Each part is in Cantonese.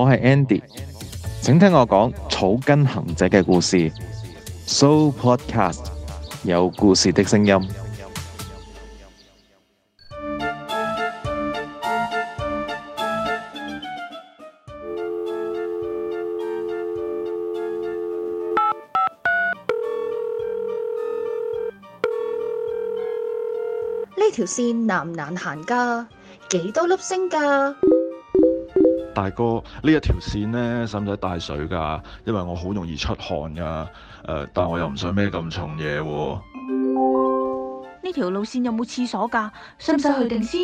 我係 Andy，請聽我講草根行者嘅故事。So Podcast，有故事嘅聲音。呢條線難唔難行㗎？幾多粒星㗎？大哥，呢一條線呢使唔使帶水噶？因為我好容易出汗噶。誒、呃，但係我又唔想孭咁重嘢喎、啊。呢條路線有冇廁所噶？使唔使去定先？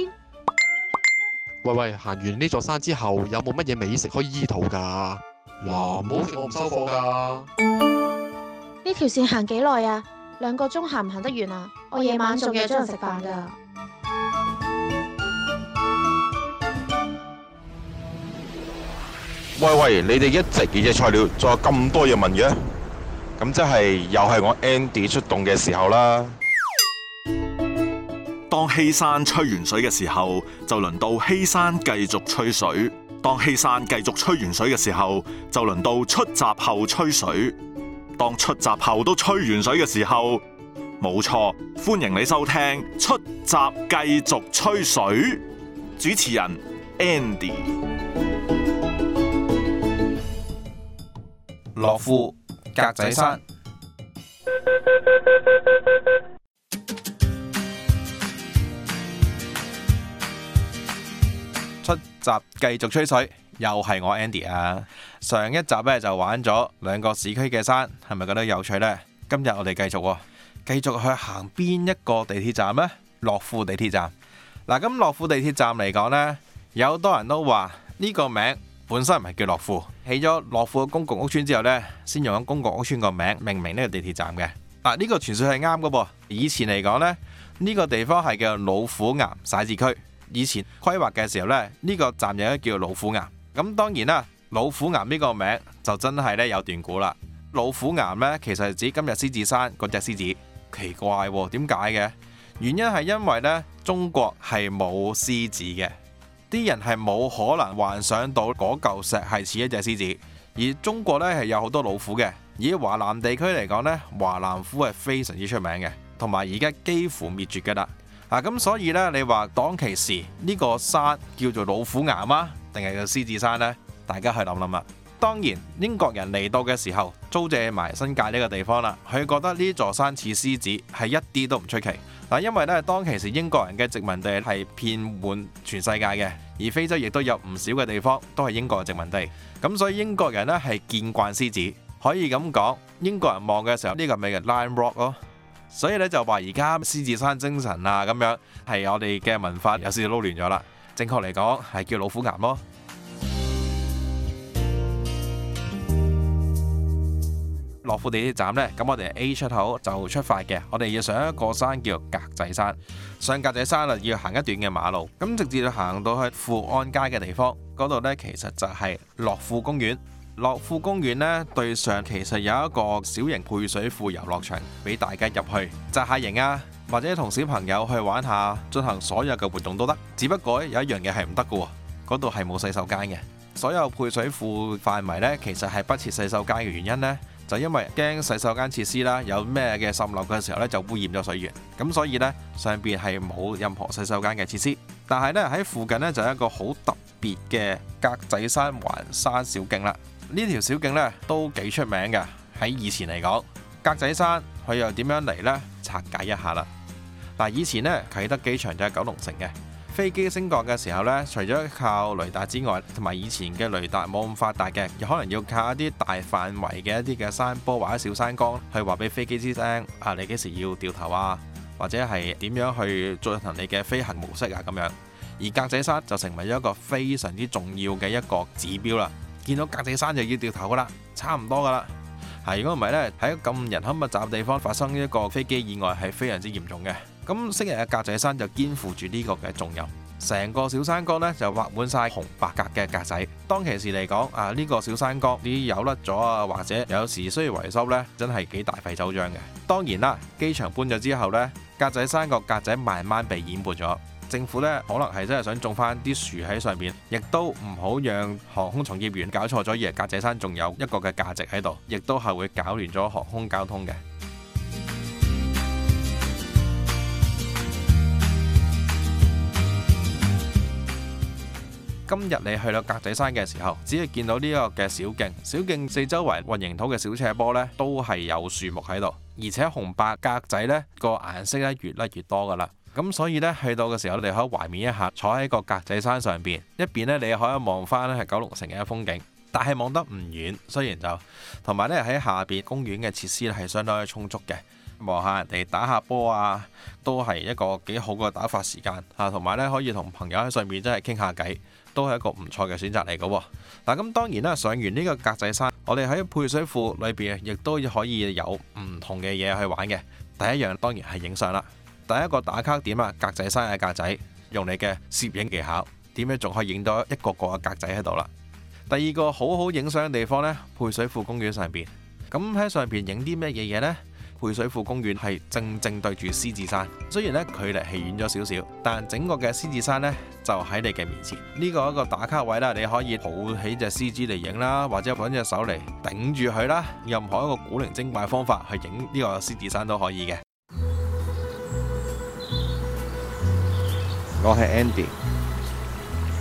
喂喂，行完呢座山之後有冇乜嘢美食可以醫肚噶？嗱，冇好我唔收貨㗎。呢條線行幾耐呀？兩個鐘行唔行得完啊？我夜晚仲要出去食飯㗎。喂喂，你哋一直幾隻菜鳥，仲有咁多嘢問嘅，咁即係又係我 Andy 出動嘅時候啦。當希山吹完水嘅時候，就輪到希山繼續吹水。當希山繼續吹完水嘅時候，就輪到出閘後吹水。當出閘後都吹完水嘅時候，冇錯，歡迎你收聽出閘繼續吹水。主持人 Andy。樂富格仔山出集繼續吹水，又係我 Andy 啊！上一集咧，就玩咗兩個市區嘅山，係咪覺得有趣呢？今日我哋繼續，繼續去行邊一個地鐵站咧？樂富地鐵站。嗱，咁樂富地鐵站嚟講呢，有好多人都話呢個名。本身唔係叫樂富，起咗樂富嘅公共屋邨之後呢，先用咗公共屋邨個名命名呢個地鐵站嘅。嗱、啊，呢、這個傳說係啱嘅噃。以前嚟講呢，呢、這個地方係叫老虎岩徙置區。以前規劃嘅時候呢，呢、這個站名叫老虎岩。咁當然啦，老虎岩呢個名就真係咧有段古啦。老虎岩呢，其實係指今日獅子山嗰隻獅子。奇怪喎、哦，點解嘅？原因係因為呢，中國係冇獅子嘅。啲人係冇可能幻想到嗰嚿石係似一隻獅子，而中國呢，係有好多老虎嘅，以華南地區嚟講呢，華南虎係非常之出名嘅，同埋而家幾乎滅絕嘅啦。啊，咁所以呢，你話當其時呢個山叫做老虎牙嗎？定係叫獅子山呢？大家去諗諗啦。當然，英國人嚟到嘅時候租借埋新界呢個地方啦，佢覺得呢座山似獅子，係一啲都唔出奇。但係因為咧，當其時英國人嘅殖民地係遍滿全世界嘅，而非洲亦都有唔少嘅地方都係英國嘅殖民地，咁所以英國人咧係見慣獅子，可以咁講，英國人望嘅時候呢個咪係 Lion Rock 咯，所以咧就話而家獅子山精神啊咁樣係我哋嘅文化有少少撈亂咗啦，正確嚟講係叫老虎岩咯。樂富地鐵站咧，咁我哋 A 出口就出發嘅。我哋要上一個山，叫做格仔山。上格仔山啦，要行一段嘅馬路，咁直至到行到去富安街嘅地方，嗰度咧其實就係樂富公園。樂富公園咧對上其實有一個小型配水庫遊樂場，俾大家入去扎下營啊，或者同小朋友去玩下，進行所有嘅活動都得。只不過有一樣嘢係唔得嘅，嗰度係冇洗手間嘅。所有配水庫範圍咧，其實係不設洗手間嘅原因咧。就因為驚洗手間設施啦，有咩嘅滲漏嘅時候呢，就污染咗水源，咁所以呢，上邊係冇任何洗手間嘅設施。但係呢，喺附近呢，就有一個好特別嘅格仔山環山小徑啦。呢條小徑呢，都幾出名嘅，喺以前嚟講，格仔山佢又點樣嚟呢？拆解一下啦。嗱，以前呢，啟德機場就係九龍城嘅。飛機升降嘅時候呢，除咗靠雷達之外，同埋以前嘅雷達冇咁發達嘅，又可能要靠一啲大範圍嘅一啲嘅山坡或者小山崗，去話俾飛機師聽啊，你幾時要掉頭啊，或者係點樣去進行你嘅飛行模式啊咁樣。而格仔山就成為咗一個非常之重要嘅一個指標啦，見到格仔山就要掉頭噶啦，差唔多噶啦。如果唔係呢，喺咁人口密集嘅地方發生一個飛機意外，係非常之嚴重嘅。咁昔日嘅格仔山就肩負住呢個嘅重任，成個小山崗呢，就畫滿晒紅白格嘅格仔。當其時嚟講，啊呢個小山崗啲油甩咗啊，或者有時需要維修呢，真係幾大費周章嘅。當然啦，機場搬咗之後呢，格仔山個格仔慢慢被掩沒咗。政府呢，可能係真係想種翻啲樹喺上面，亦都唔好讓航空從業員搞錯咗，以為格仔山仲有一個嘅價值喺度，亦都係會搞亂咗航空交通嘅。今日你去到格仔山嘅時候，只係見到呢個嘅小徑，小徑四周圍混凝土嘅小斜坡呢，都係有樹木喺度，而且紅白格仔呢個顏色咧越甩越多噶啦。咁所以呢，去到嘅時候，你可以懷緬一下，坐喺個格仔山上邊，一邊呢，你可以望翻咧係九龍城嘅風景，但係望得唔遠。雖然就同埋呢，喺下邊公園嘅設施咧係相當充足嘅，望下人哋打下波啊，都係一個幾好嘅打發時間啊。同埋呢，可以同朋友喺上面真係傾下偈。都係一個唔錯嘅選擇嚟㗎，嗱，咁當然啦，上完呢個格仔山，我哋喺配水庫裏邊，亦都可以有唔同嘅嘢去玩嘅。第一樣當然係影相啦，第一個打卡點啊，格仔山嘅格仔，用你嘅攝影技巧，點樣仲可以影到一個個嘅格仔喺度啦。第二個好好影相嘅地方呢，配水庫公園上邊，咁喺上邊影啲咩嘢嘢呢？配水庫公園係正正對住獅子山，雖然咧距離係遠咗少少，但整個嘅獅子山咧就喺你嘅面前。呢個一個打卡位啦，你可以抱起隻獅子嚟影啦，或者揾隻手嚟頂住佢啦，任何一個古靈精怪方法，去影呢個獅子山都可以嘅。我係 Andy，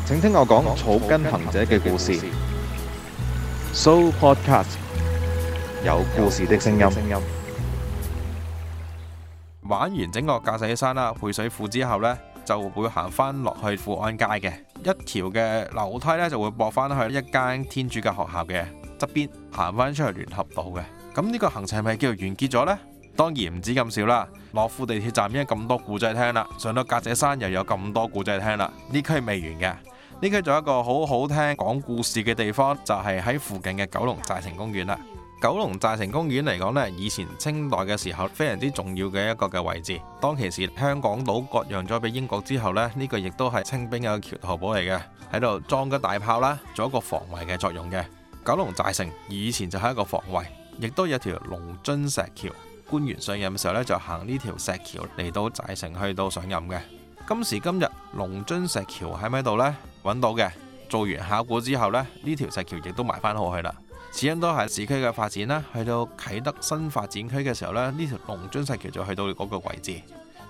請聽我講草根行者嘅故事。So Podcast，有故事的聲音。玩完整個駕駛山啦，配水庫之後呢，就會行翻落去富安街嘅一條嘅樓梯呢，就會駁翻去一間天主教學校嘅側邊，行翻出去聯合道嘅。咁呢個行程係咪叫做完結咗呢？當然唔止咁少啦，樂富地鐵站已經咁多古仔聽啦，上到格仔山又有咁多古仔聽啦，呢區未完嘅，呢區仲有一個好好聽講故事嘅地方，就係喺附近嘅九龍寨城公園啦。九龍寨城公園嚟講呢，以前清代嘅時候，非常之重要嘅一個嘅位置。當其時，香港島割讓咗俾英國之後呢，呢個亦都係清兵嘅橋頭堡嚟嘅，喺度裝緊大炮啦，做一個防衛嘅作用嘅。九龍寨城以前就係一個防衛，亦都有一條龍津石橋，官員上任嘅時候呢，就行呢條石橋嚟到寨城去到上任嘅。今時今日，龍津石橋喺唔喺度呢？揾到嘅，做完考古之後呢，呢條石橋亦都埋翻落去啦。始因都係市區嘅發展啦，去到啟德新發展區嘅時候呢，呢條龍津石橋就去到嗰個位置。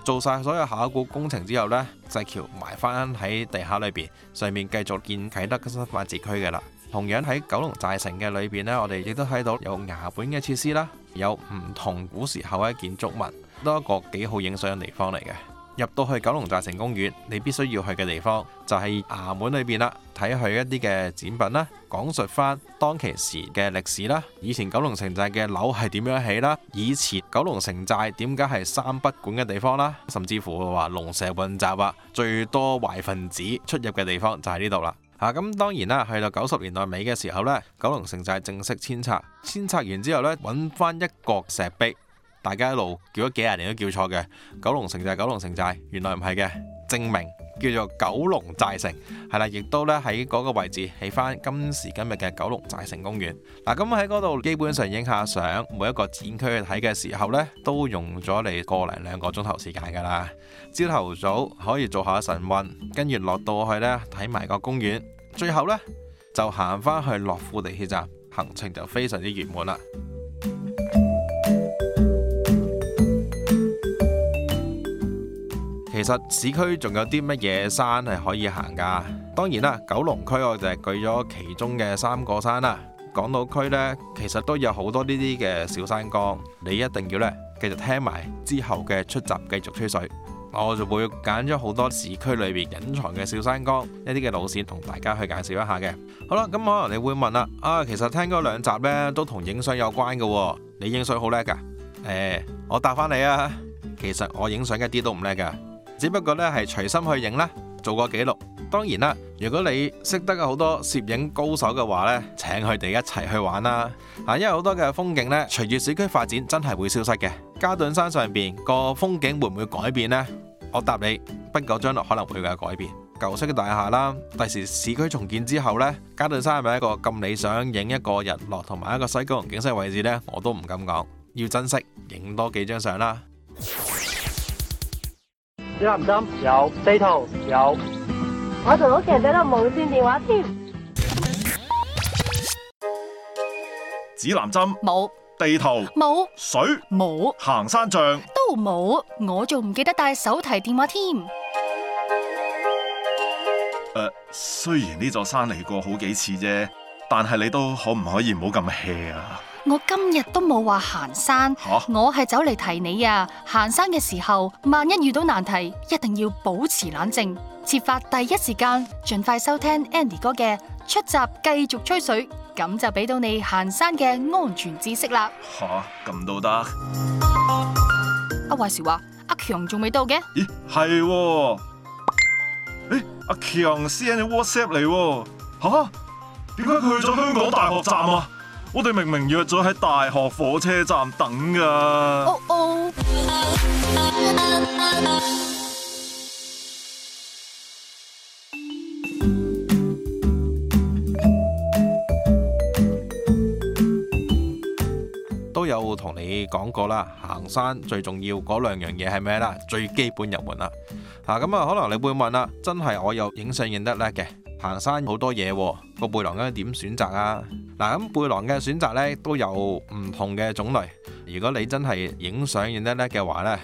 做晒所有考古工程之後呢，石橋埋翻喺地下裏邊，上面繼續建啟德新發展區嘅啦。同樣喺九龍寨城嘅裏邊呢，我哋亦都睇到有衙本嘅設施啦，有唔同古時候嘅建築物，都係一個幾好影相嘅地方嚟嘅。入到去九龍寨城公園，你必須要去嘅地方就係衙門裏邊啦，睇佢一啲嘅展品啦，講述翻當其時嘅歷史啦，以前九龍城寨嘅樓係點樣起啦，以前九龍城寨點解係三不管嘅地方啦，甚至乎話龍蛇混雜啊，最多壞分子出入嘅地方就喺呢度啦。啊，咁當然啦，去到九十年代尾嘅時候呢，九龍城寨正式遷拆，遷拆完之後呢，揾翻一角石壁。大家一路叫咗幾廿年都叫錯嘅九龍城寨。九龍城寨，原來唔係嘅，正名叫做九龍寨城，係啦，亦都咧喺嗰個位置起翻今時今日嘅九龍寨城公園。嗱，咁喺嗰度基本上影下相，每一個展區去睇嘅時候呢，都用咗你個零兩個鐘頭時間㗎啦。朝頭早可以做下晨運，跟住落到去呢睇埋個公園，最後呢，就行翻去樂富地鐵站，行程就非常之圓滿啦。其實市區仲有啲乜嘢山係可以行噶？當然啦，九龍區我就係舉咗其中嘅三個山啦。港島區呢，其實都有好多呢啲嘅小山崗，你一定要呢，繼續聽埋之後嘅出集繼續吹水。我就會揀咗好多市區裏邊隱藏嘅小山崗一啲嘅路線，同大家去介紹一下嘅。好啦，咁可能你會問啦啊，其實聽嗰兩集呢都同影相有關噶。你影相好叻噶？誒、欸，我答翻你啊，其實我影相一啲都唔叻噶。只不過咧，指南針有，地圖有，我同屋企人得得無線電話添。指南針冇，地圖冇，水冇，行山杖都冇，我仲唔記得帶手提電話添。誒、呃，雖然呢座山嚟過好幾次啫，但係你都可唔可以唔好咁 hea 啊？我今日都冇話行山，我係走嚟提你啊！行山嘅時候，萬一遇到難題，一定要保持冷靜，設法第一時間盡快收聽 Andy 哥嘅出集繼續吹水，咁就俾到你行山嘅安全知識啦。吓，咁都得？阿華時話阿強仲未到嘅？咦，係？誒，阿強 send WhatsApp 嚟？吓，點解佢去咗香港大學站啊？我哋明明約咗喺大學火車站等噶，哦。哦、都有同你講過啦，行山最重要嗰兩樣嘢係咩啦？最基本入門啦。啊咁啊，可能你會問啦，真係我有影相影得叻嘅，行山好多嘢。個背囊應該點選擇啊？嗱，咁背囊嘅選擇呢，都有唔同嘅種類。如果你真係影相影得叻嘅話呢，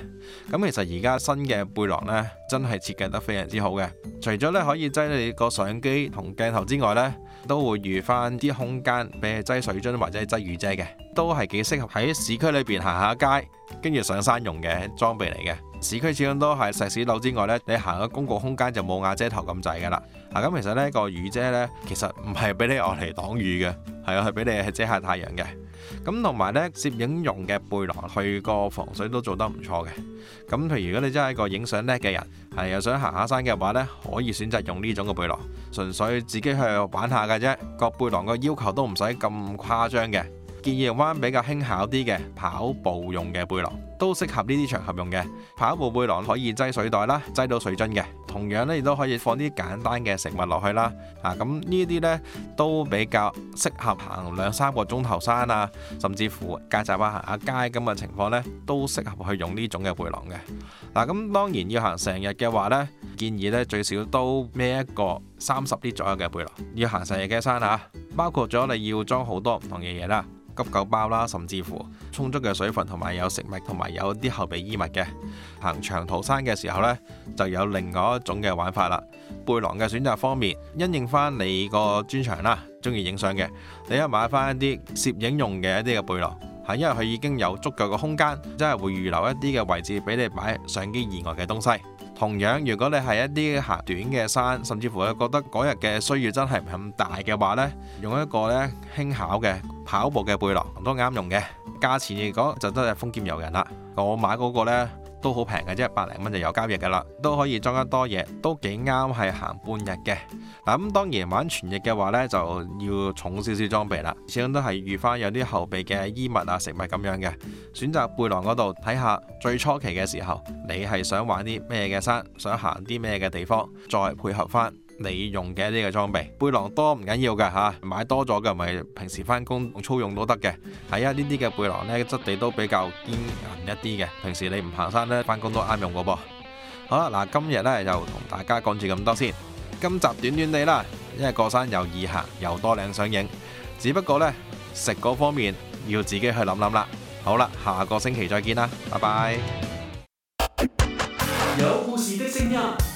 咁其實而家新嘅背囊呢，真係設計得非常之好嘅。除咗呢，可以擠你個相機同鏡頭之外呢，都會預返啲空間俾你擠水樽或者係擠雨遮嘅，都係幾適合喺市區裏邊行下街，跟住上山用嘅裝備嚟嘅。市區始終都係石屎路之外呢，你行個公共空間就冇瓦遮頭咁滯㗎啦。嗱、啊，咁其實呢個雨遮呢，其實唔係俾你落嚟擋雨嘅，係啊，係俾你遮下太陽嘅。咁同埋呢，攝影用嘅背囊去個防水都做得唔錯嘅。咁、啊、譬如如果你真係一個影相叻嘅人，係、啊、又想行下山嘅話呢，可以選擇用呢種嘅背囊，純粹自己去玩下㗎啫。個背囊個要求都唔使咁誇張嘅。建議用比較輕巧啲嘅跑步用嘅背囊，都適合呢啲場合用嘅。跑步背囊可以擠水袋啦，擠到水樽嘅。同樣咧，亦都可以放啲簡單嘅食物落去啦。啊，咁呢啲呢，都比較適合行兩三個鐘頭山啊，甚至乎街閘啊行下街咁嘅情況呢，都適合去用呢種嘅背囊嘅。嗱。咁、啊、當然要行成日嘅話呢，建議呢，最少都孭一個三十啲左右嘅背囊。要行成日嘅山啊，包括咗你要裝好多唔同嘅嘢啦。急救包啦，甚至乎充足嘅水分同埋有食物同埋有啲後備衣物嘅。行長途山嘅時候呢，就有另外一種嘅玩法啦。背囊嘅選擇方面，因應翻你個專長啦，中意影相嘅，你可買翻一啲攝影用嘅一啲嘅背囊，吓，因為佢已經有足夠嘅空間，真係會預留一啲嘅位置俾你擺相機以外嘅東西。同樣，如果你係一啲行短嘅山，甚至乎你覺得嗰日嘅需要真係唔係咁大嘅話呢，用一個咧輕巧嘅跑步嘅背囊都啱用嘅。價錢嚟講，就真係風劍遊人啦。我買嗰個咧。都好平嘅啫，百零蚊就有交易嘅啦，都可以裝得多嘢，都幾啱係行半日嘅。嗱，咁當然玩全日嘅話呢，就要重少少裝備啦，始終都係預翻有啲後備嘅衣物啊、食物咁樣嘅。選擇背囊嗰度睇下，最初期嘅時候，你係想玩啲咩嘅山，想行啲咩嘅地方，再配合翻你用嘅呢個裝備背囊多唔緊要嘅吓、啊，買多咗嘅咪平時翻工用粗用都得嘅。係啊，呢啲嘅背囊呢，質地都比較堅韌一啲嘅，平時你唔行山呢，翻工都啱用噶噃。好啦，嗱、啊、今日呢，就同大家講住咁多先。今集短短地啦，因為過山又易行又多靚相影，只不過呢，食嗰方面要自己去諗諗啦。好啦，下個星期再見啦，拜拜。有故事的聲音。